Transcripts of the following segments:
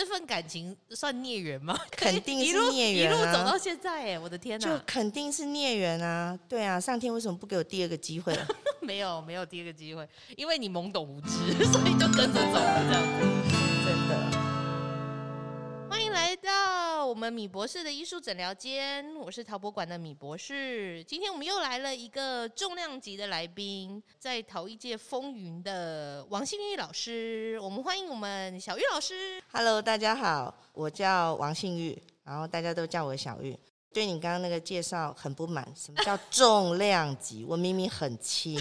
這份感情算孽緣嗎？一路肯定是孽緣、啊、一路走到現在、欸，哎，我的天哪、啊！就肯定是孽緣啊！對啊，上天為什麼不給我第二個機會、啊？ 沒有，沒有第二個機會，因為你懵懂無知，所以就跟着走了，這樣子，真的。我們米博士的藝術診聊間，我是陶博館的米博士。今天我們又來了一個重量級的來賓，在陶藝界風雲的王幸玉老師。我們歡迎我們小玉老師。Hello，大家好，我叫王幸玉，然後大家都叫我小玉。對你剛剛那個介紹很不滿，什麼叫重量級？ 我明明很輕。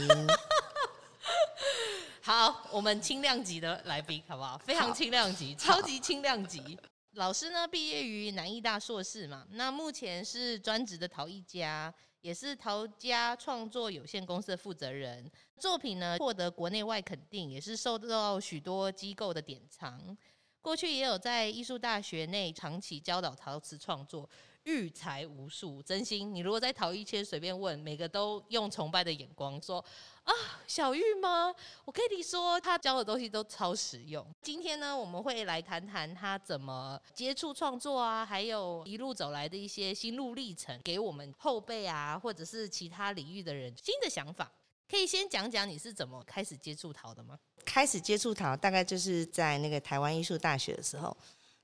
好，我們輕量級的來賓好不好？非常輕量級，好超級輕量級。好 老師呢，畢業於南藝大碩士嘛，那目前是專職的陶藝家，也是陶家創作有限公司的負責人。作品呢，獲得國內外肯定，也是受到許多機構的典藏。過去也有在藝術大學內長期教導陶瓷創作，育才無數，真心。你如果在陶藝圈隨便問，每個都用崇拜的眼光說。啊，小玉嗎？我可以說，他教的東西都超實用。今天呢，我們會來談談他怎麼接觸創作啊，還有一路走來的一些心路歷程，給我們後輩啊，或者是其他領域的人新的想法。可以先講講你是怎麼開始接觸陶的嗎？開始接觸陶，大概就是在那個台灣藝術大學的時候，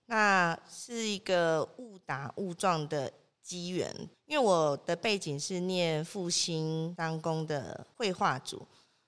那是一個誤打誤撞的機緣，因為我的背景是念復興商工的繪畫組，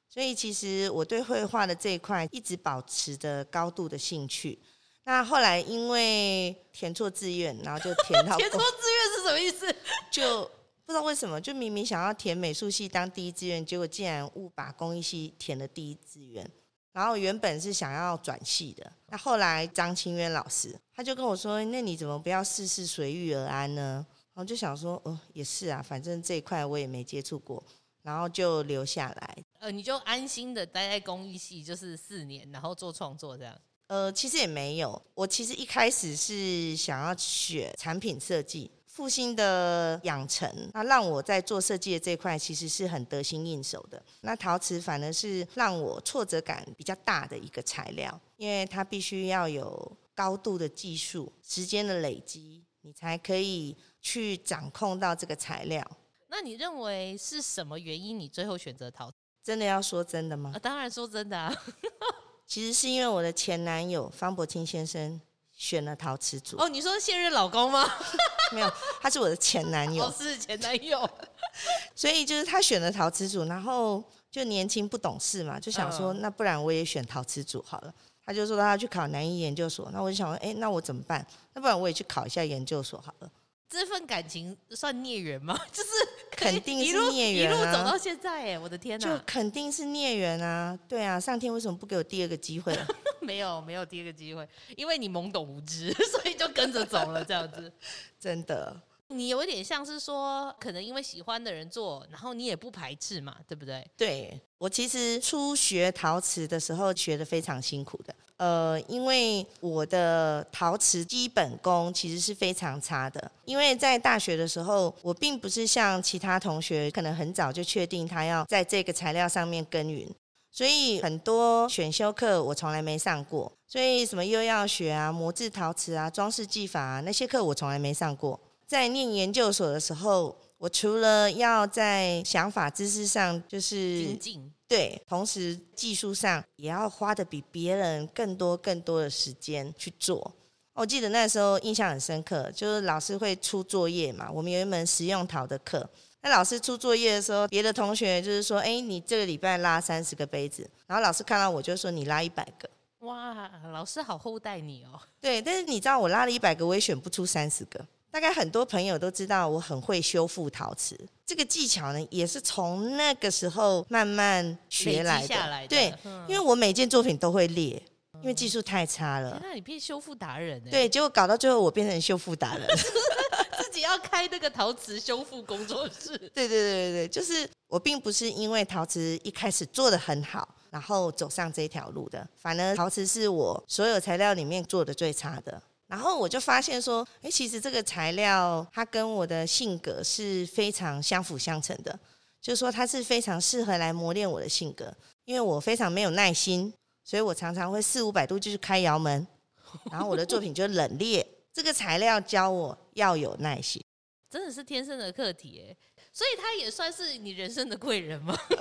所以其實我對繪畫的這一塊一直保持着高度的興趣。那後來因為填錯志願，然後就填到 填錯志願是什麼意思？ 就不知道為什麼，就明明想要填美術系當第一志願，結果竟然誤把工藝系填了第一志願。然後原本是想要轉系的，那後來張清淵老師他就跟我說：“那你怎麼不要事事隨遇而安呢？”然後就想說，哦，也是啊，反正這一塊我也沒接觸過，然後就留下來。呃，你就安心的待在工藝系，就是四年，然後做創作這樣。呃，其實也沒有，我其實一開始是想要選產品設計，復興的養成，它讓我在做設計的這塊其實是很得心應手的。那陶瓷反而是讓我挫折感比較大的一個材料，因為它必須要有高度的技術，時間的累積。你才可以去掌控到這個材料。那你認為是什麼原因？你最後選擇陶，真的要說真的嗎？哦、當然說真的啊。 其實是因為我的前男友方伯清先生選了陶瓷組。哦，你說現任老公嗎？ 沒有，他是我的前男友。哦、是前男友， 所以就是他選了陶瓷組，然後就年輕不懂事嘛，就想說，嗯、那不然我也選陶瓷組好了。他就說他要去考南藝研究所，那我就想說，哎、欸，那我怎麼辦？那不然我也去考一下研究所好了。這份感情算孽緣嗎？就是肯定是孽緣、啊、一路走到現在、欸，哎，我的天哪、啊，就肯定是孽緣啊！對啊，上天為什麼不給我第二個機會？ 沒有，沒有第二個機會，因為你懵懂無知，所以就跟着走了這樣子。 真的，你有一點像是說，可能因為喜歡的人做，然後你也不排斥嘛，對不對？對。我其實初學陶瓷的時候，學得非常辛苦的。呃，因為我的陶瓷基本功其實是非常差的。因為在大學的時候，我並不是像其他同學，可能很早就確定他要在這個材料上面耕耘，所以很多選修課我從來沒上過。所以什麼又要學啊，模制陶瓷啊，裝飾技法啊那些課我從來沒上過。在念研究所的時候，我除了要在想法、知識上就是精進，對，同時技術上也要花得比別人更多、更多的時間去做。我記得那時候印象很深刻，就是老師會出作業嘛，我們有一門實用陶的課，那老師出作業的時候，別的同學就是說，哎，你這個禮拜拉三十個杯子，然後老師看到我就說，你拉一百個。哇，老師好厚待你哦。對，但是你知道我拉了一百個，我也選不出三十個。大概很多朋友都知道我很會修復陶瓷，這個技巧呢，也是從那個時候慢慢學來的，累積下來的。對，因為我每件作品都會裂，嗯、因為技術太差了。欸。那你變修復達人呢？欸？對，結果搞到最後我變成修復達人， 自己要開那個陶瓷修復工作室。對 對對對對，就是我並不是因為陶瓷一開始做的很好，然後走上這條路的，反而陶瓷是我所有材料裡面做的最差的。然後我就發現說，哎、欸，其實這個材料它跟我的性格是非常相輔相成的，就是說它是非常適合來磨練我的性格，因為我非常沒有耐心，所以我常常會四五百度就去開窯門，然後我的作品就冷裂。 這個材料教我要有耐心，真的是天生的課題耶，所以它也算是你人生的貴人嗎？ 這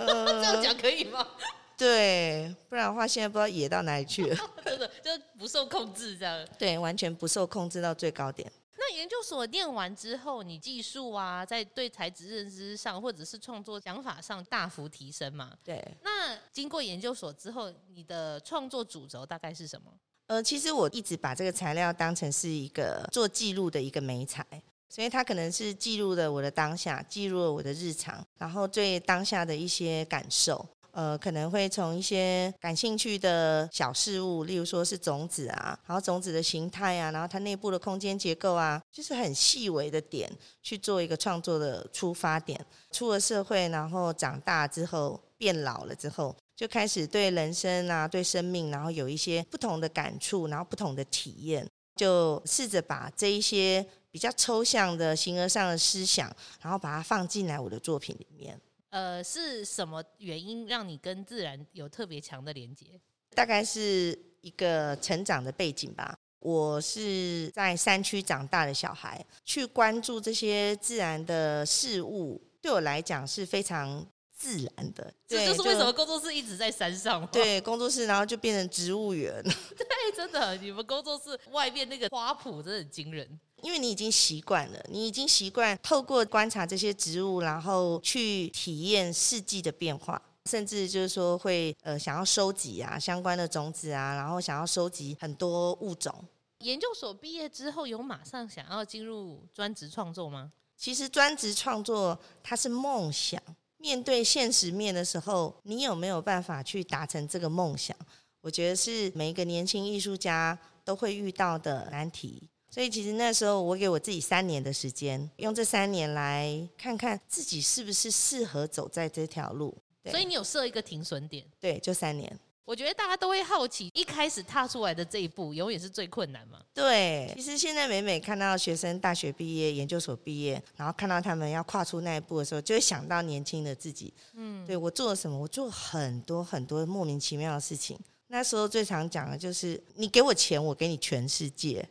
樣講可以嗎？ 對，不然的話，現在不知道野到哪裡去了，真的 就不受控制這樣。對，完全不受控制到最高點。那研究所念完之後，你技術啊，在對材質認知上，或者是創作想法上大幅提升嘛？對。那經過研究所之後，你的創作主軸大概是什麼？呃，其實我一直把這個材料當成是一個做記錄的一個媒材，所以它可能是記錄了我的當下，記錄了我的日常，然後對當下的一些感受。呃，可能會從一些感興趣的小事物，例如說是種子啊，然後種子的形態啊，然後它內部的空間結構啊，就是很細微的點去做一個創作的出發點。出了社會，然後長大之後，變老了之後，就開始對人生啊、對生命，然後有一些不同的感觸，然後不同的體驗，就試着把這一些比較抽象的形而上的思想，然後把它放進來我的作品裡面。呃，是什麼原因讓你跟自然有特別強的連接？大概是一個成長的背景吧。我是在山區長大的小孩，去關注這些自然的事物，對我來講是非常自然的。這對對就是為什麼工作室一直在山上。對，工作室，然後就變成植物園。 對，真的，你們工作室外面那個花圃真的很驚人。因為你已經習慣了，你已經習慣透過觀察這些植物，然後去體驗四季的變化，甚至就是說會呃想要收集啊相關的種子啊，然後想要收集很多物種。研究所畢業之後，有馬上想要進入專職創作嗎？其實專職創作它是夢想，面對現實面的時候，你有沒有辦法去達成這個夢想？我覺得是每一個年輕藝術家都會遇到的難題。所以其實那時候我給我自己三年的時間，用這三年來看看自己是不是適合走在這條路。對。所以你有設一個停損點？對，就三年。我覺得大家都會好奇，一開始踏出來的這一步永遠是最困難嘛？對。其實現在每每看到學生大學畢業、研究所畢業，然後看到他們要跨出那一步的時候，就會想到年輕的自己。嗯。對，我做了什麼？我做了很多很多莫名其妙的事情。那時候最常講的就是你給我錢，我給你全世界。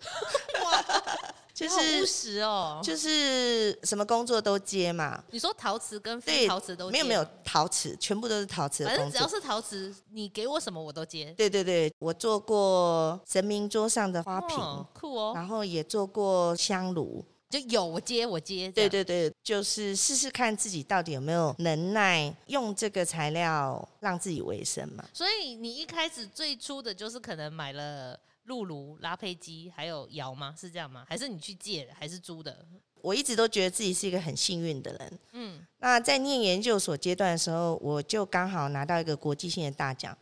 哇， 就是務實哦，就是什麼工作都接嘛。你說陶瓷跟非陶瓷都接？沒有沒有，陶瓷，全部都是陶瓷的。反正只要是陶瓷，你給我什麼我都接。對對對，我做過神明桌上的花瓶，哦酷哦。然後也做過香爐。就有我接我接，我接對對對，就是試試看自己到底有沒有能耐用這個材料讓自己為生嘛。所以你一開始最初的就是可能買了露爐、拉坯機，還有窯嗎？是這樣嗎？還是你去借的還是租的？我一直都覺得自己是一個很幸運的人。嗯，那在念研究所階段的時候，我就剛好拿到一個國際性的大獎，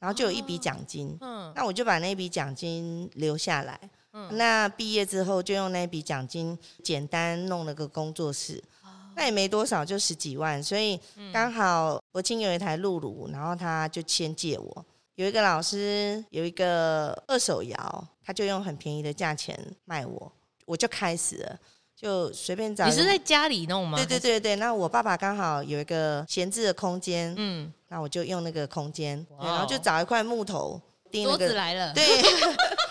然後就有一筆獎金。哦、嗯，那我就把那一筆獎金留下來。嗯、那畢業之後就用那筆獎金簡單弄了個工作室，哦、那也沒多少，就十幾萬，所以剛好國慶有一台轆轤，然後他就先借我。有一個老師有一個二手窯，他就用很便宜的價錢賣我，我就開始了，就隨便找。你是，是在家裡弄嗎？對對對對，那我爸爸剛好有一個閒置的空間，嗯，那我就用那個空間，哦，然後就找一塊木頭、那個，桌子來了。對。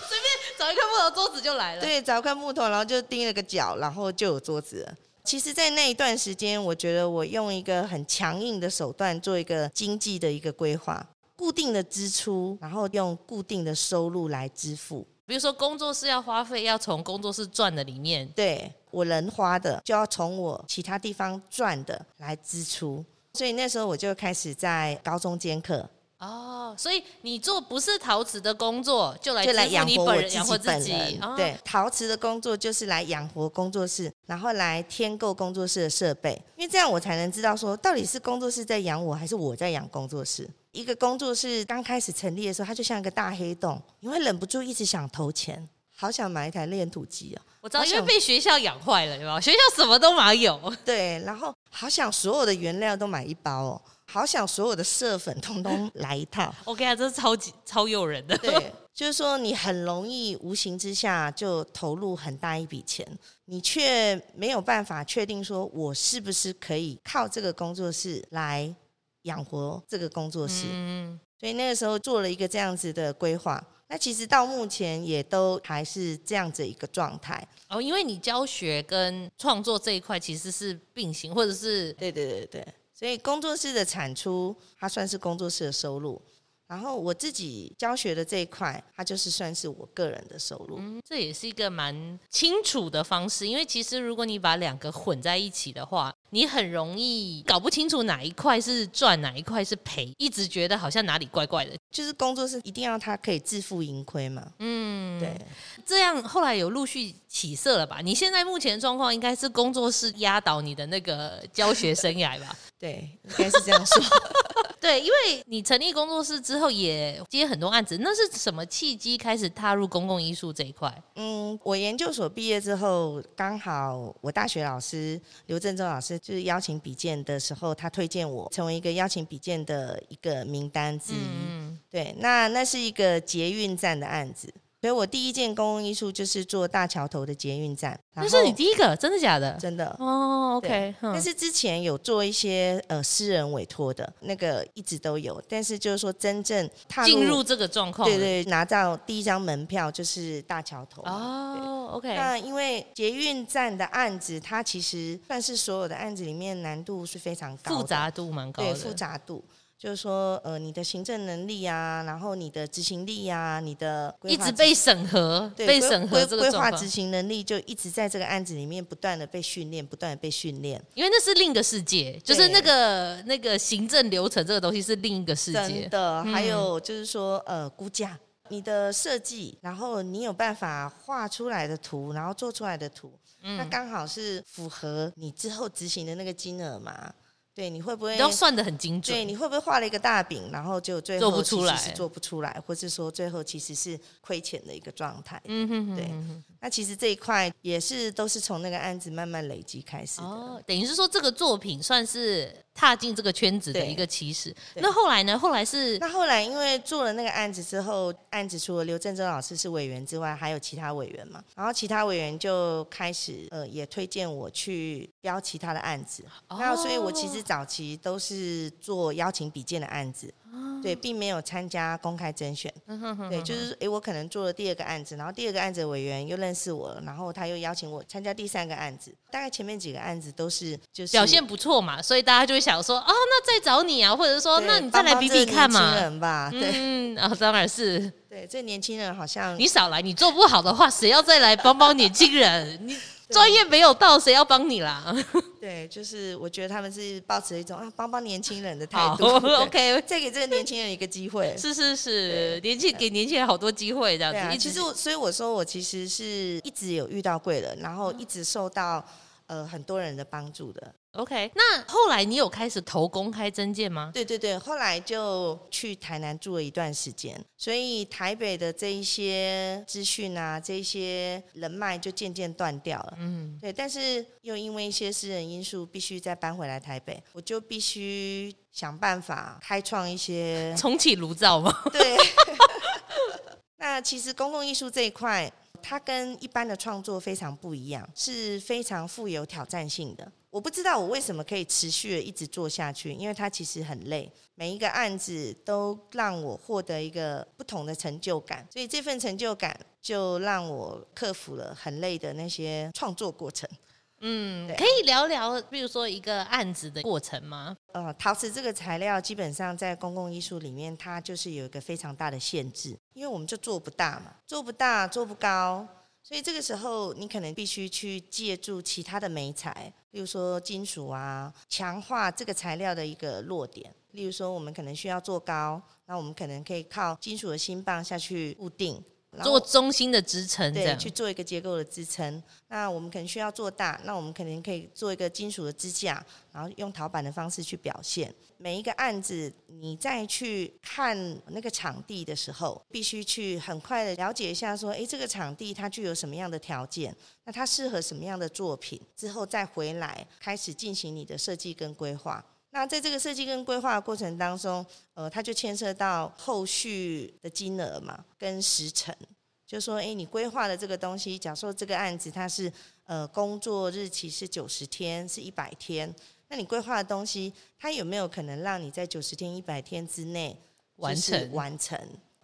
找一塊木頭，桌子就來了。對，找塊木頭，然後就釘了個腳，然後就有桌子了。其實，在那一段時間，我覺得我用一個很強硬的手段做一個經濟的一個規劃，固定的支出，然後用固定的收入來支付。比如說，工作室要花費，要從工作室賺的裡面對，我能花的，就要從我其他地方賺的來支出。所以那時候我就開始在高中兼課。哦，所以你做不是陶瓷的工作，就來,你本人就來養活我自己本人，養活自己。啊、對，陶瓷的工作就是來養活工作室，然後來添購工作室的設備，因為這樣我才能知道說到底是工作室在養我還是我在養工作室。一個工作室剛開始成立的時候，它就像一個大黑洞，你會忍不住一直想投錢，好想買一台練土機、哦、我知道、好想因為被學校養壞了，對吧？學校什麼都沒有，對，然後好想所有的原料都買一包哦。好想所有的色粉，通通來一套 ，OK 啊，這是超級超誘人的。對，就是說你很容易無形之下就投入很大一筆錢，你卻沒有辦法確定說我是不是可以靠這個工作室來養活這個工作室。嗯，所以那個時候做了一個這樣子的規劃，那其實到目前也都還是這樣子一個狀態。哦，因為你教學跟創作這一塊其實是並行，或者是對，對對對對。所以工作室的產出，它算是工作室的收入。然後我自己教學的這一塊，它就是算是我個人的收入。嗯，這也是一個蠻清楚的方式，因為其實如果你把兩個混在一起的話，你很容易搞不清楚哪一塊是賺，哪一塊是賠，一直覺得好像哪裡怪怪的。就是工作室一定要它可以自負盈虧嘛。嗯，對，這樣後來有陸續。起色了吧？你現在目前的狀況應該是工作室壓倒你的那個教學生涯吧？ 對，應該是這樣說。 對，因為你成立工作室之後也接很多案子，那是什麼契機開始踏入公共藝術這一塊？嗯，我研究所畢業之後，剛好我大學老師劉鎮洲老師就是邀請比件的時候，他推薦我成為一個邀請比件的一個名單之一。嗯、對，那那是一個捷運站的案子。所以，我第一件公共藝術就是做大橋頭的捷運站。那是你第一個，真的假的？真的哦，OK。但是之前有做一些呃私人委託的那個一直都有，但是就是說真正踏入，進入這個狀況，對，對對，拿到第一張門票就是大橋頭哦、Oh，OK。那因為捷運站的案子，它其實算是所有的案子裡面難度是非常高的，複雜度高的，複雜度蠻高的複雜度。就是說，呃，你的行政能力呀，啊，然後你的執行力呀，啊，你的規劃一直被審核，對被審核規規這個規劃執行能力就一直在這個案子裡面不斷的被訓練，不斷的被訓練，因為那是另一個世界，對就是那個那個行政流程這個東西是另一個世界的。還有就是說，嗯、呃，估價，你的設計，然後你有辦法畫出來的圖，然後做出來的圖，嗯、那剛好是符合你之後執行的那個金額嘛？對，你會不會要算得很精準？對，你會不會畫了一個大餅，然後就最後其實是做不出來，做不出來或是說最後其實是虧錢的一個狀態？對。嗯哼，嗯哼那其實這一塊也是都是從那個案子慢慢累積開始的。哦，等於是說，這個作品算是踏進這個圈子的一個起始。對那後來呢？後來是那後來因為做了那個案子之後，案子除了劉鎮洲老師是委員之外，還有其他委員嘛。然後其他委員就開始呃，也推薦我去邀其他的案子。那、哦、然後、所以我其實早期都是做邀請比件的案子。對，並沒有參加公開甄選。嗯、哼哼哼對，就是說，哎，我可能做了第二個案子，然後第二個案子的委員又認識我，然後他又邀請我參加第三個案子。大概前面幾個案子都是就是表現不錯嘛，所以大家就會想說，哦，那再找你啊，或者說，對或者說那你再來比比看嘛，幫幫年輕人吧對，啊、嗯哦，當然是對，這個、年輕人好像你少來，你做不好的話，誰要再來幫幫年輕人？ 你。專業沒有到，誰要幫你啦？ 對，就是我覺得他們是抱持一種啊，幫幫年輕人的態度。Oh, OK，再給這個年輕人一個機會。 是是是，年輕給年輕人好多機會這樣子。其實、啊，一直、所以我說，我其實是一直有遇到貴人，然後一直受到、嗯、呃很多人的幫助的。OK，那後來你有開始投公開徵件嗎？對對對，後來就去台南住了一段時間，所以台北的這一些資訊啊，這一些人脈就漸漸斷掉了。嗯，對，但是又因為一些私人因素，必須再搬回來台北，我就必須想辦法開創一些重啟爐灶嘛。 對， 那其實公共藝術這一塊，它跟一般的創作非常不一樣，是非常富有挑戰性的。我不知道我為什麼可以持續的一直做下去，因為它其實很累，每一個案子都讓我獲得一個不同的成就感，所以這份成就感就讓我克服了很累的那些創作過程。嗯，對可以聊聊，比如說一個案子的過程嗎？呃，陶瓷這個材料基本上在公共藝術裡面，它就是有一個非常大的限制，因為我們就做不大嘛，做不大，做不高，所以這個時候你可能必須去借助其他的媒材。例如說金屬啊，強化這個材料的一個弱點。例如說，我們可能需要做高，那我們可能可以靠金屬的芯棒下去固定。做中心的支撐，對，樣去做一個結構的支撐。那我們可能需要做大，那我們可能可以做一個金屬的支架，然後用陶板的方式去表現每一個案子。你再去看那個場地的時候，必須去很快的了解一下，說，誒，這個場地它具有什麼樣的條件，那它適合什麼樣的作品？之後再回來開始進行你的設計跟規劃。那在這個設計跟規劃的過程當中，呃，它就牽涉到後續的金額嘛，跟時程。就是說，誒，你規劃的這個東西，假設這個案子它是，呃，工作日期是九十天，是一百天，那你規劃的東西，它有沒有可能讓你在九十天、一百天之內完成？完成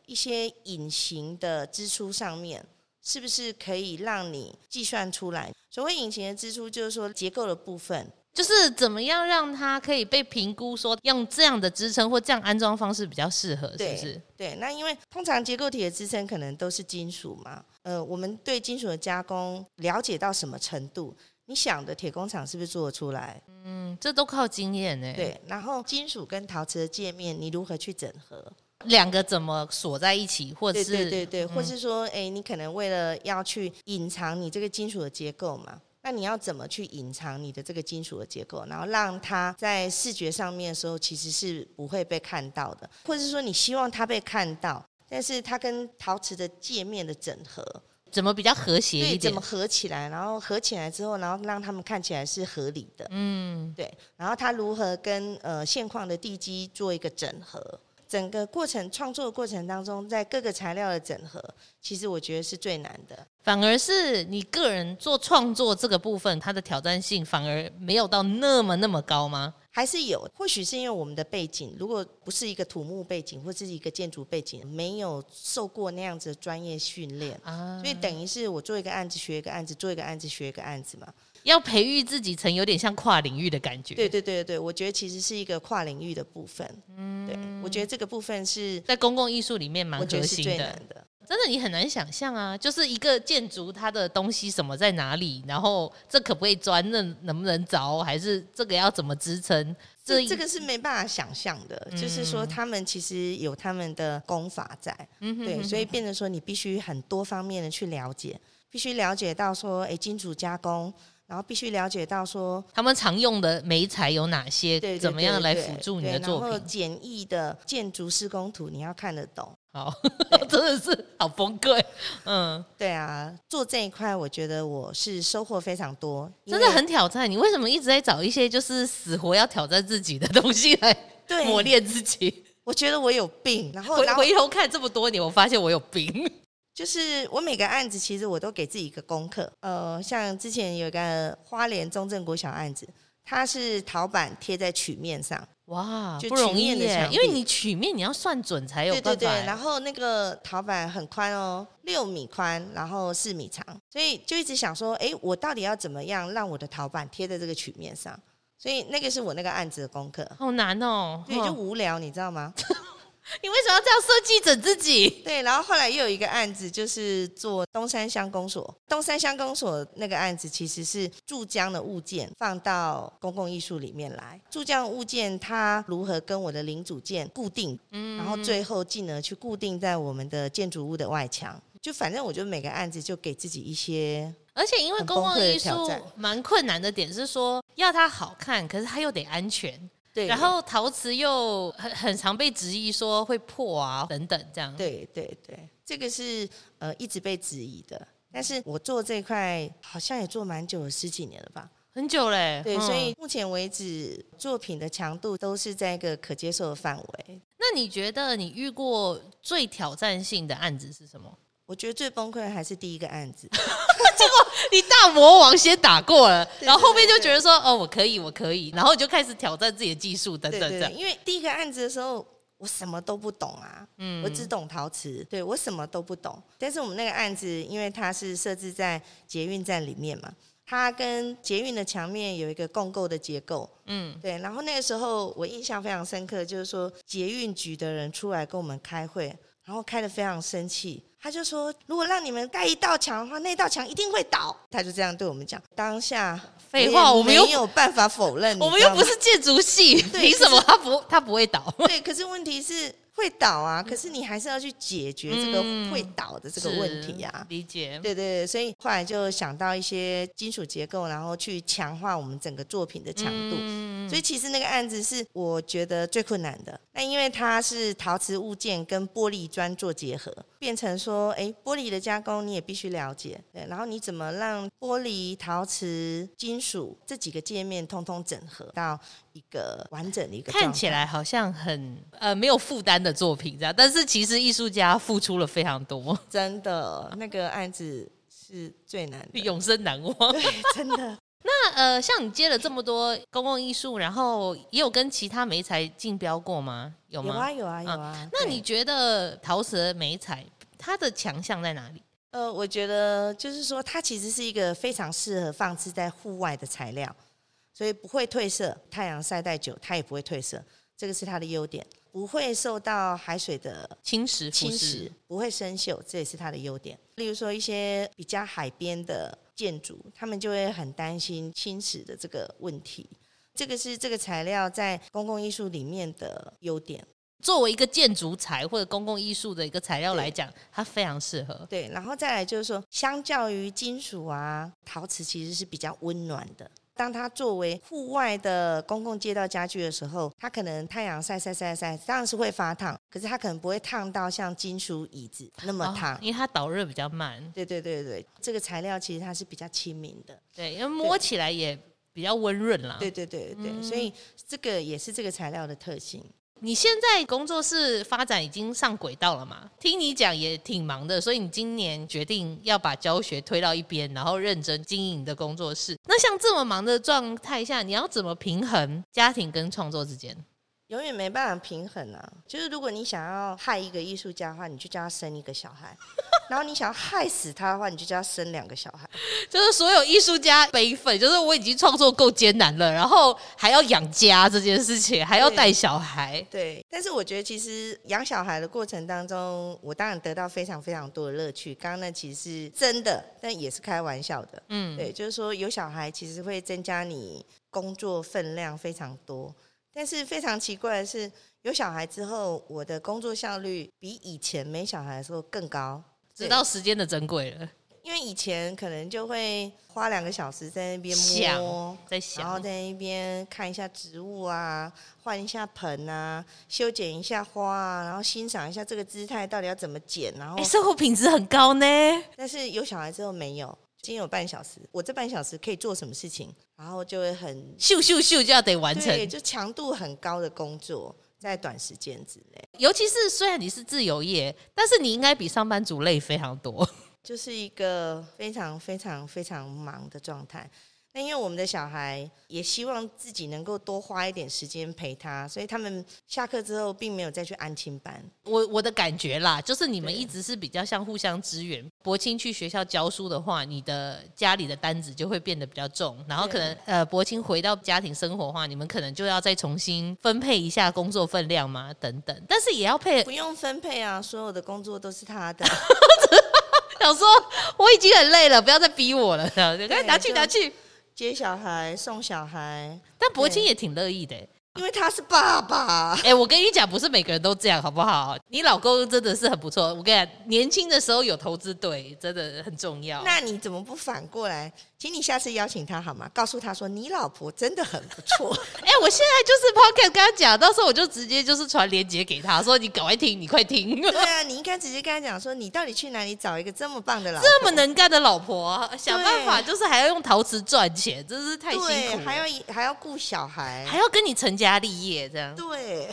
一些隱形的支出上面，是不是可以讓你計算出來？所謂隱形的支出，就是說結構的部分。就是怎麼樣讓它可以被評估，說用這樣的支撐或這樣安裝方式比較適合，是不是對？對，那因為通常結構體的支撐可能都是金屬嘛，呃，我們對金屬的加工了解到什麼程度？你想的鐵工廠是不是做得出來？嗯，這都靠經驗哎，欸。對，然後金屬跟陶瓷的界面，你如何去整合？兩個怎麼鎖在一起？或者是對對對，對對對對嗯，或是說，誒，你可能為了要去隱藏你這個金屬的結構嘛？那你要怎麼去隱藏你的這個金屬的結構，然後讓它在視覺上面的時候其實是不會被看到的，或者說你希望它被看到，但是它跟陶瓷的界面的整合怎麼比較和諧一點。對，怎麼合起來？然後合起來之後，然後讓他們看起來是合理的。嗯，對。然後它如何跟呃現況的地基做一個整合？整個過程創作的過程當中，在各個材料的整合，其實我覺得是最難的。反而是你個人做創作這個部分，它的挑戰性反而沒有到那麼那麼高嗎？還是有？或許是因為我們的背景，如果不是一個土木背景，或者是一個建築背景，沒有受過那樣子的專業訓練啊，所以等於是我做一個案子學一個案子，做一個案子學一個案子嘛。要培育自己，成有點像跨領域的感覺。對對對對，我覺得其實是一個跨領域的部分。嗯，對我覺得這個部分是在公共藝術裡面蠻核心的。的真的，你很難想象啊，就是一個建築，它的東西什麼在哪裡，然後這可不可以鑽，能能不能鑿，還是這個要怎麼支撐？這這個是沒辦法想象的。嗯、就是說，他們其實有他們的工法在。嗯哼嗯哼嗯哼，對，所以變成說，你必須很多方面的去了解，必須了解到說，誒、欸，金屬加工。然後必須了解到說，他們常用的媒材有哪些？對對對對對，怎麼樣來輔助你的作品？然後簡易的建築施工圖你要看得懂。好、哦對，真的是好崩潰。嗯，對啊，做這一塊，我覺得我是收穫非常多，真的很挑戰。你為什麼一直在找一些就是死活要挑戰自己的東西來對磨練自己？我覺得我有病。然後，然後回回頭看這麼多年，我發現我有病。就是我每個案子，其實我都給自己一個功課。呃，像之前有一個花蓮中正國小案子，它是陶板貼在曲面上，哇，就曲面不容易耶。因為你曲面你要算準才有辦法。對對對，然後那個陶板很寬哦，六米寬，然後四米長，所以就一直想說，哎、欸，我到底要怎麼樣讓我的陶板貼在這個曲面上？所以那個是我那個案子的功課，好難哦。對，就無聊，哦、你知道嗎？ 你為什麼要這樣設計整自己？對，然後後來又有一個案子，就是做東山鄉公所。東山鄉公所那個案子，其實是注漿的物件放到公共藝術裡面來。注漿物件它如何跟我的零組件固定？嗯，然後最後進而去固定在我們的建築物的外牆。就反正我覺得每個案子就給自己一些，而且因為公共藝術蠻困難的點是說，要它好看，可是它又得安全。對，然後陶瓷又很很常被質疑說會破啊等等這樣，對對對，這個是呃一直被質疑的。但是我做這塊好像也做蠻久了，十幾年了吧，很久嘞。對，嗯，所以目前為止作品，的強度都是在一個可接受的範圍。那你覺得你遇過最挑戰性的案子是什麼？我覺得最崩潰還是第一個案子，結果 你大魔王先打過了，然後後面就覺得說哦，我可以，我可以，然後就開始挑戰自己的技術等等等。因為第一個案子的時候，我什麼都不懂啊，嗯、我只懂陶瓷，對，我什麼都不懂。但是我們那個案子，因為它是設置在捷運站裡面嘛，它跟捷運的牆面有一個共構的結構，嗯，對。然後那個時候我印象非常深刻，就是說捷運局的人出來跟我們開會，然後開得非常生氣。他就說：“如果讓你們蓋一道牆的話，那道牆一定會倒。”他就這樣對我們講。當下，廢話，我們沒有辦法否認。我們，我們又不是建築系，憑什麼他不他不會倒？對，可是問題是。會倒啊，可是你還是要去解決這個會倒的這個問題啊。嗯、理解，對對，所以後來就想到一些金屬結構，然後去強化我們整個作品的強度。嗯、所以其實那個案子是我覺得最困難的，那因為它是陶瓷物件跟玻璃磚做結合，變成說，哎，玻璃的加工你也必須了解，對，然後你怎麼讓玻璃、陶瓷、金屬這幾個界面通通整合到一個完整的一個？看起來好像很呃沒有負擔的。的作品這樣，但是其實藝術家付出了非常多。真的，那個案子是最難，永生難忘。對，真的。 那呃，像你接了這麼多公共藝術，然後也有跟其他媒材競標過嗎？有嗎？有啊，有啊，有啊。嗯、對那你覺得陶瓷媒材它的強項在哪裡？呃，我覺得就是說，它其實是一個非常適合放置在戶外的材料，所以不會褪色。太陽曬太久，它也不會褪色，這個是它的優點。不會受到海水的侵蝕，侵蝕，不會生銹，這也是它的優點。例如說一些比較海邊的建築，他們就會很擔心侵蝕的這個問題。這個是這個材料在公共藝術裡面的優點。作為一個建築材或者公共藝術的一個材料來講，對它非常適合。對，然後再來就是說，相較於金屬啊、陶瓷，其實是比較溫暖的。當它作為戶外的公共街道家具的時候，它可能太陽曬曬曬曬，當然是會發燙，可是它可能不會燙到像金屬椅子那麼燙，哦、因為它導熱比較慢。對對對對，這個材料其實它是比較親民的，對，因為摸起來也比較溫潤啦。對對對對對，嗯、所以這個也是這個材料的特性。你現在工作室發展已經上軌道了嘛？聽你講也挺忙的，所以你今年決定要把教學推到一邊，然後認真經營的工作室。那像這麼忙的狀態下，你要怎麼平衡家庭跟創作之間？永遠沒辦法平衡啊！就是如果你想要害一個藝術家的話，你就叫他生一個小孩； 然後你想要害死他的話，你就叫他生兩個小孩。就是所有藝術家悲憤，就是我已經創作夠艱難了，然後還要養家這件事情，還要帶小孩。對，對，但是我覺得其實養小孩的過程當中，我當然得到非常非常多的樂趣。剛剛呢，其實是真的，但也是開玩笑的。嗯，對，就是說有小孩其實會增加你工作分量非常多。但是非常奇怪的是，有小孩之後，我的工作效率比以前沒小孩的時候更高，知道時間的珍貴了。因為以前可能就會花兩個小時在那邊摸，想在想，然後在那邊看一下植物啊，換一下盆啊，修剪一下花，啊，然後欣賞一下這個姿態到底要怎麼剪，然後、欸、生活品質很高呢。但是有小孩之後沒有。僅有半小時，我這半小時可以做什麼事情？然後就會很咻咻咻就要得完成，對，就強度很高的工作在短時間之內。尤其是雖然你是自由業，但是你應該比上班族累非常多。就是一個非常非常非常忙的狀態。因為我們的小孩也希望自己能夠多花一點時間陪他，所以他們下課之後並沒有再去安親班。我我的感覺啦，就是你們一直是比較像互相支援。博清對去學校教書的話，你的家裡的擔子就會變得比較重，然後可能對呃，博清回到家庭生活的話，你們可能就要再重新分配一下工作分量嘛，等等。但是也要配，不用分配啊，所有的工作都是他的。 想說我已經很累了，不要再逼我了，拿去拿去。接小孩、送小孩，但柏青也挺樂意的、欸。因為他是爸爸。哎、欸，我跟你講，不是每個人都這樣，好不好？你老公真的是很不錯。我跟你講，年輕的時候有投資對，真的很重要。那你怎麼不反過來？請你下次邀請他好嗎？告訴他說，你老婆真的很不錯。哎、欸，我現在就是 Podcast 跟他講，到時候我就直接就是傳連結給他說，你趕快聽，你快聽。對啊，你應該直接跟他講說，你到底去哪裡找一個這麼棒的老婆？這麼能幹的老婆？想辦法，就是還要用陶瓷賺錢，對真是太辛苦了，還要還要顧小孩，還要跟你成家。家立業這樣，對，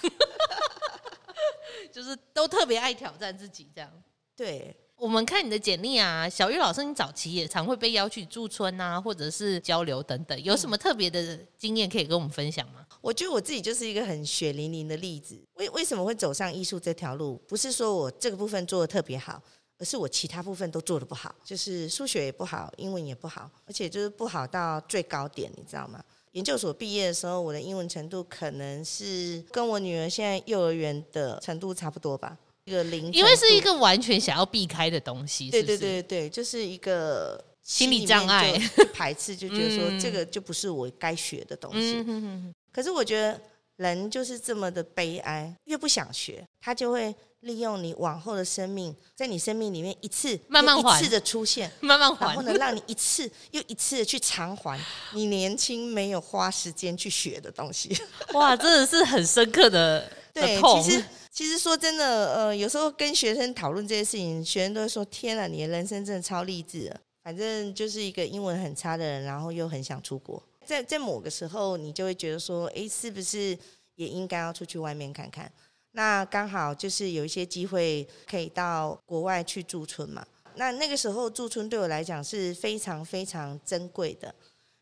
就是都特別愛挑戰自己這樣。對，我們看你的簡歷啊，小玉老師，你早期也常會被邀去駐村啊，或者是交流等等，有什麼特別的經驗可以跟我們分享嗎？嗯、我覺得我自己就是一個很血淋淋的例子。為為什麼會走上藝術這條路？不是說我這個部分做得特別好，而是我其他部分都做得不好，就是數學也不好，英文也不好，而且就是不好到最高點，你知道嗎？研究所畢業的時候，我的英文程度可能是跟我女兒現在幼兒園的程度差不多吧，一個零。因為是一個完全想要避開的東西，嗯、是不是？對對對對，就是一個心,心理障礙，就排斥就覺得說、嗯、這個就不是我該學的東西。嗯、哼哼哼可是我覺得人就是這麼的悲哀，越不想學，他就會。利用你往後的生命，在你生命裡面一次慢慢一次的出現，慢慢還，然後能讓你一次又一次的去償還 你年輕沒有花時間去學的東西。哇，真的是很深刻的， 的痛。對，其實，其實說真的，呃，有時候跟學生討論這些事情，學生都會說：“天啊，你的人生真的超勵志！”反正就是一個英文很差的人，然後又很想出國。在在某個時候，你就會覺得說：“誒、欸，是不是也應該要出去外面看看？”那剛好就是有一些機會可以到國外去駐村嘛。那那個時候駐村對我來講是非常非常珍貴的，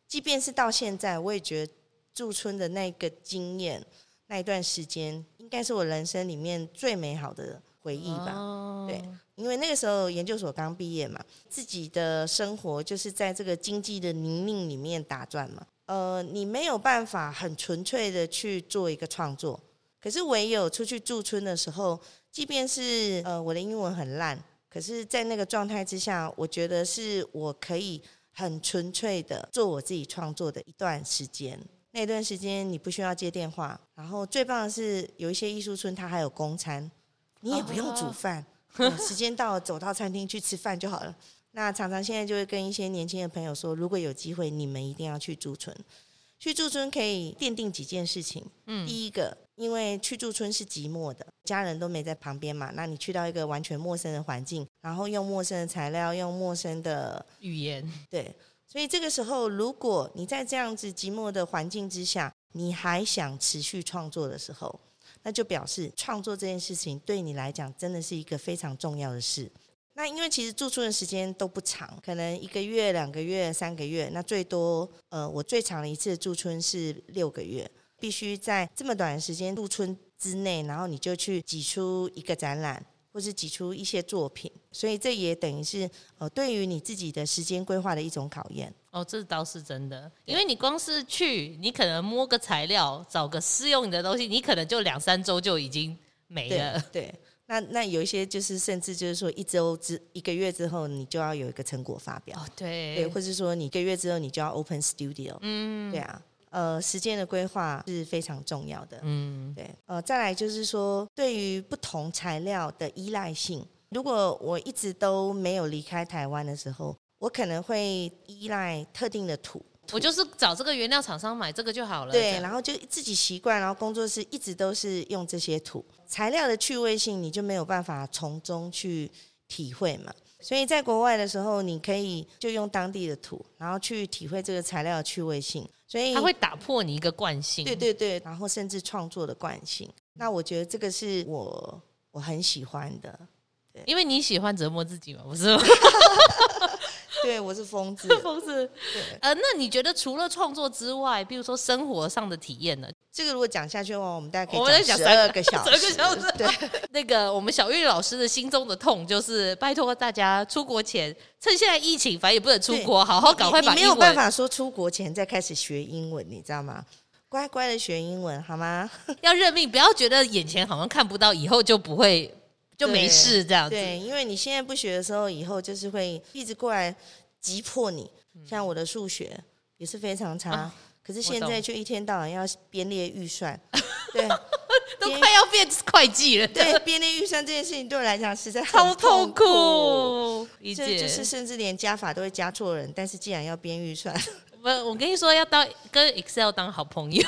即便是到現在，我也覺得駐村的那個經驗、那一段時間，應該是我人生裡面最美好的回憶吧。對，因為那個時候研究所剛畢業嘛，自己的生活就是在這個經濟的泥濘裡面打轉嘛。呃，你沒有辦法很純粹的去做一個創作。可是唯有出去駐村的時候，即便是呃我的英文很爛，可是，在那個狀態之下，我覺得是我可以很純粹的做我自己創作的一段時間。那段時間你不需要接電話，然後最棒的是，有一些藝術村它還有公餐，你也不用煮飯，oh, okay. 嗯，時間到走到餐廳去吃飯就好了。那常常現在就會跟一些年輕的朋友說，如果有機會，你們一定要去駐村。去駐村可以奠定幾件事情，嗯，第一個。因為去駐村是寂寞的，家人都沒在旁邊嘛。那你去到一個完全陌生的環境，然後用陌生的材料，用陌生的語言，對。所以這個時候，如果你在這樣子寂寞的環境之下，你還想持續創作的時候，那就表示創作這件事情對你來講真的是一個非常重要的事。那因為其實駐村的時間都不長，可能一個月、兩個月、三個月，那最多呃，我最長的一次駐村是六個月。必須在這麼短的時間入春之內，然後你就去擠出一個展覽，或是擠出一些作品，所以這也等於是呃對於你自己的時間規劃的一種考驗。哦，這倒是真的，因為你光是去，你可能摸個材料，找個適用你的東西，你可能就兩三周就已經沒了。對,對，那那有一些就是甚至就是說一周之一個月之後，你就要有一個成果發表。對。哦，對，對，或者說你一個月之後，你就要 open studio。嗯，對啊。呃，時間的規劃是非常重要的。嗯，對。呃，再來就是說，對於不同材料的依賴性，如果我一直都沒有離開台灣的時候，我可能會依賴特定的土，土。我就是找這個原料廠商買這個就好了。對，對。然後就自己習慣，然後工作室一直都是用這些土。材料的趣味性，你就沒有辦法從中去體會嘛。所以在國外的時候，你可以就用當地的土，然後去體會這個材料的趣味性。所以它會打破你一個慣性，對對對，然後甚至創作的慣性。那我覺得這個是我我很喜歡的，因為你喜歡折磨自己嘛，不是嗎？ 對，我是瘋子，瘋子。對呃，那你覺得除了創作之外，比如說生活上的體驗呢？這個如果講下去的話，我們大概可以講，講對十二個小時。對，那個我們小玉老師的心中的痛就是，拜託大家出國前，趁現在疫情，反正也不能出國，對好好趕快，把英文沒有辦法說出國前再開始學英文，你知道嗎？乖乖的學英文好嗎？ 要認命，不要覺得眼前好像看不到，以後就不會。就沒事這樣子對，對，因為你現在不學的時候，以後就是會一直過來急迫你。像我的數學也是非常差，嗯、可是現在卻一天到晚要編列預算，啊、對，都快要變會計了。對，對，編列預算這件事情對我來講實在好痛苦，痛苦就是甚至連加法都會加錯人。但是既然要編預算，我我跟你說要當跟 Excel 當好朋友，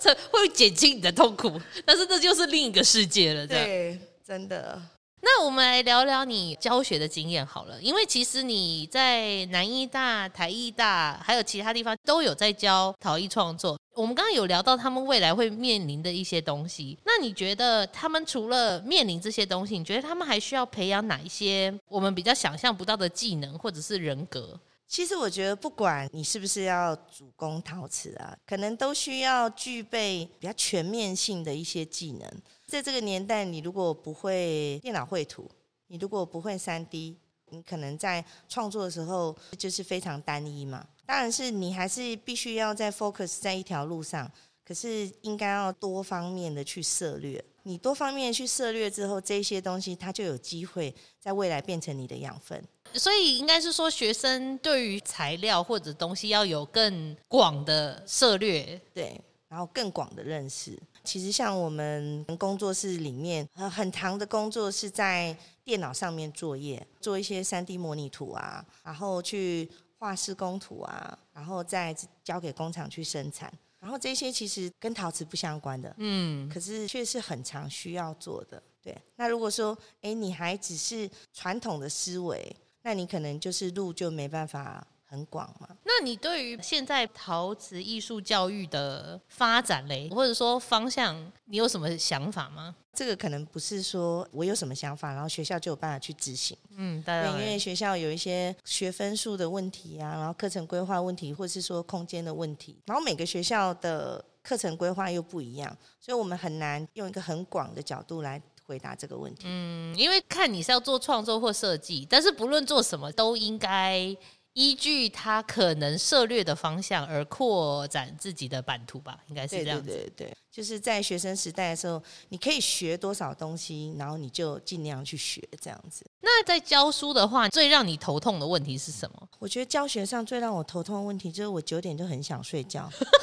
這這 會減輕你的痛苦。但是這就是另一個世界了，對。真的，那我們來聊聊你教學的經驗好了，因為其實你在南藝大、台藝大，還有其他地方都有在教陶藝創作。我們剛剛有聊到他們未來會面臨的一些東西，那你覺得他們除了面臨這些東西，你覺得他們還需要培養哪一些我們比較想象不到的技能或者是人格？其實我覺得，不管你是不是要主攻陶瓷啊，可能都需要具備比較全面性的一些技能。在這個年代，你如果不會電腦繪圖，你如果不會三 D，你可能在創作的時候就是非常單一嘛。當然是你還是必須要在 focus 在一條路上，可是應該要多方面的去涉獵。你多方面去涉獵之後，這些東西它就有機會在未來變成你的養分。所以應該是說，學生對於材料或者東西要有更廣的涉獵，對，然後更廣的認識。其實像我們工作室裡面，呃，很長的工作是在電腦上面作業，做一些三 D 模擬圖啊，然後去畫施工圖啊，然後再交給工廠去生產。然後這些其實跟陶瓷不相關的，嗯，可是卻是很常需要做的。對，那如果說，哎，你還只是傳統的思維，那你可能就是路就沒辦法。很廣嘛？那你對於現在陶瓷藝術教育的發展嘞，或者說方向，你有什麼想法嗎？這個可能不是說我有什麼想法，然後學校就有辦法去執行。嗯，對，對，因為學校有一些學分數的問題啊，然後課程規劃問題，或者是說空間的問題，然後每個學校的課程規劃又不一樣，所以我們很難用一個很廣的角度來回答這個問題。嗯，因為看你是要做創作或設計，但是不論做什麼，都應該。依據他可能涉獵的方向而擴展自己的版圖吧，應該是這樣子。對對對對，就是在學生時代的時候，你可以學多少東西，然後你就盡量去學這樣子。那在教書的話，最讓你頭痛的問題是什麼？我覺得教學上最讓我頭痛的問題就是我九點就很想睡覺。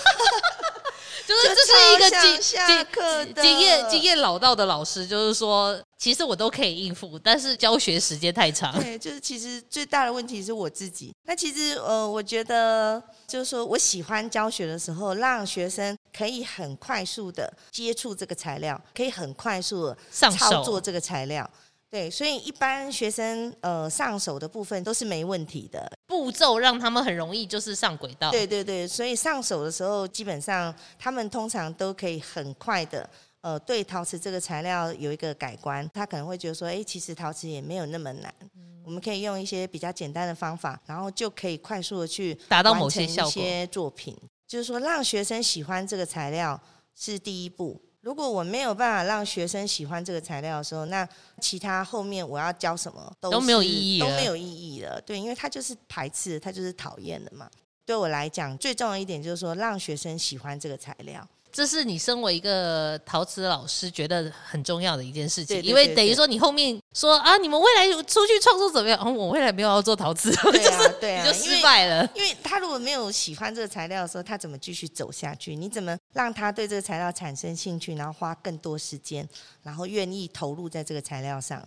就是這是一個經經經、經驗經驗老道的老師，就是說，其實我都可以應付，但是教學時間太長。對，就是其實最大的問題是我自己。那其實呃，我覺得就是說我喜歡教學的時候，讓學生可以很快速的接觸這個材料，可以很快速地操作這個材料。對，所以一般學生呃上手的部分都是沒問題的，步驟讓他們很容易就是上軌道。對對對，所以上手的時候，基本上他們通常都可以很快的呃對陶瓷這個材料有一個改觀，他可能會覺得說，哎、欸，其實陶瓷也沒有那麼難，嗯、我們可以用一些比較簡單的方法，然後就可以快速的去達到某些效果，一些作品，就是說讓學生喜歡這個材料是第一步。如果我沒有辦法讓學生喜歡這個材料的時候，那其他後面我要教什麼都，都沒有意義，都沒有意義了。對，因為他就是排斥，他就是討厭的嘛。對我來講，最重要一點就是說，讓學生喜歡這個材料。這是你身為一個陶瓷老師覺得很重要的一件事情。對對對對對，因為等於說你後面說啊，你們未來出去創作怎麼樣？哦、啊，我未來沒有要做陶瓷，對啊，對啊呵呵、就是，你就失敗了。因為，因為他如果沒有喜歡這個材料的時候，他怎麼繼續走下去？你怎麼讓他對這個材料產生興趣，然後花更多時間，然後願意投入在這個材料上？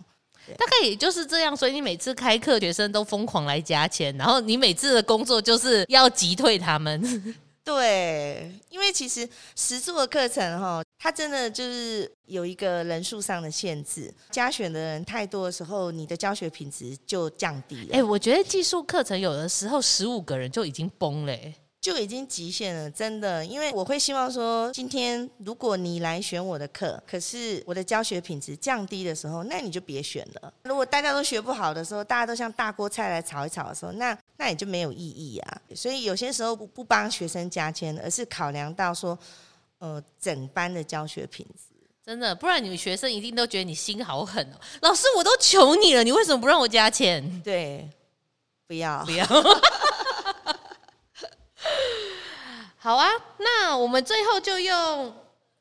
對。大概也就是這樣。所以你每次開課，學生都瘋狂來加錢，然後你每次的工作就是要擊退他們。對，因為其實實作的課程哈、哦，它真的就是有一個人數上的限制，加選的人太多的時候，你的教學品質就降低了。哎、欸，我覺得技術課程有的時候十五個人就已經崩了、欸。就已經極限了，真的，因為我會希望說，今天如果你來選我的課，可是我的教學品質降低的時候，那你就別選了。如果大家都學不好的時候，大家都像大鍋菜來炒一炒的時候，那那也就沒有意義啊。所以有些時候不不幫學生加簽，而是考量到說，呃，整班的教學品質，真的，不然你們學生一定都覺得你心好狠哦，老師我都求你了，你為什麼不讓我加簽？對，不要，不要。 好啊，那我們最後就用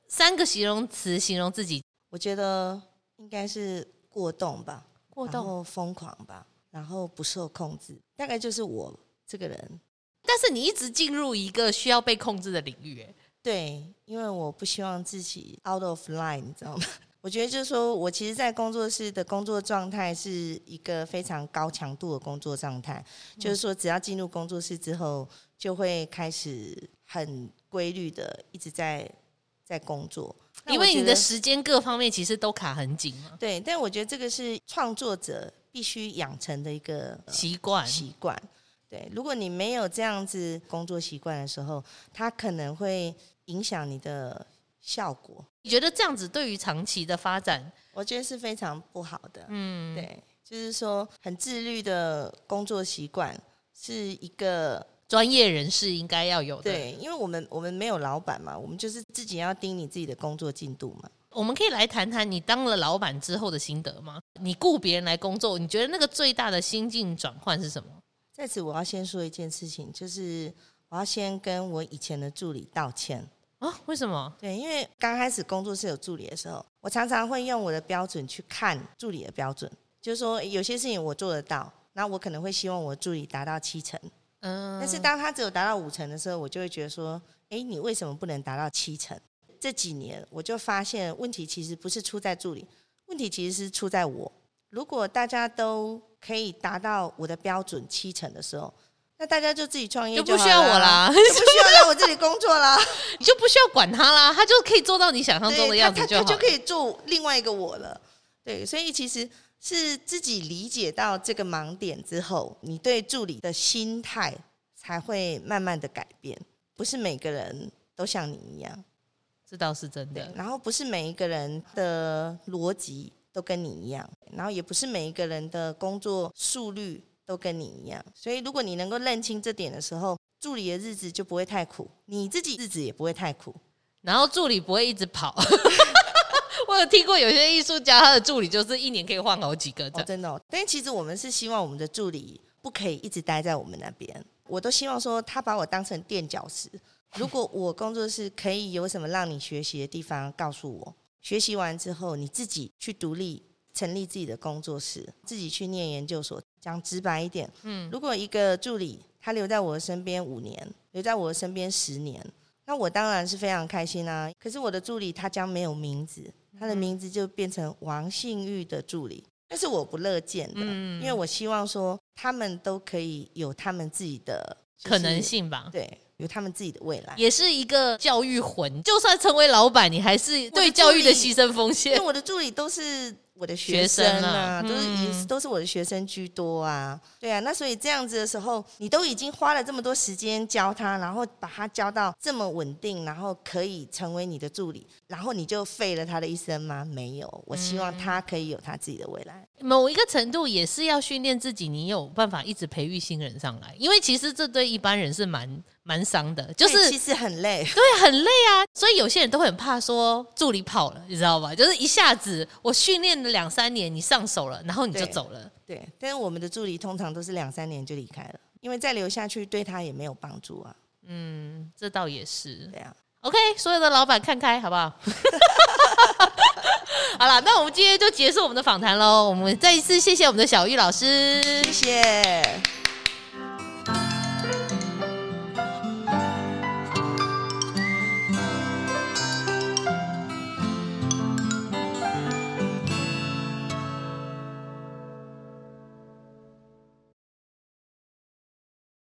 三個形容詞形容自己。我覺得應該是過動吧，過動，然後瘋狂吧，然後不受控制，大概就是我這個人。但是你一直進入一個需要被控制的領域誒。對，因為我不希望自己 out of line，你知道嗎？ 我覺得就是說，我其實在工作室的工作狀態是一個非常高強度的工作狀態，嗯、就是說只要進入工作室之後。就會開始很規律的一直在在工作，因為你的時間各方面其實都卡很緊。對，但我覺得這個是創作者必須養成的一個、呃、習慣。習慣對，如果你沒有這樣子工作習慣的時候，它可能會影響你的效果。你覺得這樣子對於長期的發展，我覺得是非常不好的。嗯，對，就是說很自律的工作習慣是一個。專業人士應該要有的，對，因為我們我們沒有老闆嘛，我們就是自己要盯你自己的工作進度嘛。我們可以來談談你當了老闆之後的心得嗎？你僱別人來工作，你覺得那個最大的心境轉換是什麼？在此，我要先說一件事情，就是我要先跟我以前的助理道歉啊。為什麼？對，因為剛開始工作是有助理的時候，我常常會用我的標準去看助理的標準，就是說有些事情我做得到，那我可能會希望我助理達到七成。但是當他只有達到五成的時候，我就會覺得說：“哎、欸，你為什麼不能達到七成？”這幾年我就發現問題，其實不是出在助理，問題其實是出在我。如果大家都可以達到我的標準七成的時候，那大家就自己創業就，就不需要我啦，就不需要在我這裡工作啦， 你就不需要管他啦，他就可以做到你想象中的樣子就好了，他他他就可以做另外一個我了。對，所以其實。是自己理解到這個盲點之後，你對助理的心態才會慢慢的改變。不是每個人都像你一樣，這倒是真的。然後不是每一個人的邏輯都跟你一樣，然後也不是每一個人的工作速率都跟你一樣。所以，如果你能夠認清這點的時候，助理的日子就不會太苦，你自己日子也不會太苦，然後助理不會一直跑。 我有聽過有些藝術家，他的助理就是一年可以換好幾個。Oh, 真的哦，但其實我們是希望我們的助理不可以一直待在我們那邊。我都希望說，他把我當成墊腳石。如果我工作室可以有什麼讓你學習的地方，告訴我。學習完之後，你自己去獨立成立自己的工作室，自己去念研究所。講直白一點，嗯，如果一個助理他留在我的身邊五年，留在我的身邊十年，那我當然是非常開心啊。可是我的助理他將沒有名字。他的名字就變成王幸玉的助理，但是我不樂見的，嗯、因為我希望說他們都可以有他們自己的、就是、可能性吧。對，有他們自己的未來，也是一個教育魂。就算成為老闆，你還是對教育的犧牲奉獻。我的，跟我的助理都是。我的學生啊，生啊都是、嗯、都是我的學生居多啊。對啊，那所以這樣子的時候，你都已經花了這麼多時間教他，然後把他教到這麼穩定，然後可以成為你的助理，然後你就廢了他的一生嗎？沒有，我希望他可以有他自己的未來。某一個程度也是要訓練自己，你有辦法一直培育新人上來，因為其實這對一般人是蠻蠻傷的，就是、欸、其實很累，對，很累啊。所以有些人都很怕說助理跑了，你知道吧？就是一下子我訓練。兩三年你上手了，然後你就走了對，對。但是我們的助理通常都是兩三年就離開了，因為再留下去對他也沒有幫助啊。嗯，這倒也是。對呀、啊，OK，所有的老闆看開好不好？ 好了，那我們今天就結束我們的訪談嘍。我們再一次謝謝我們的小玉老師，謝謝。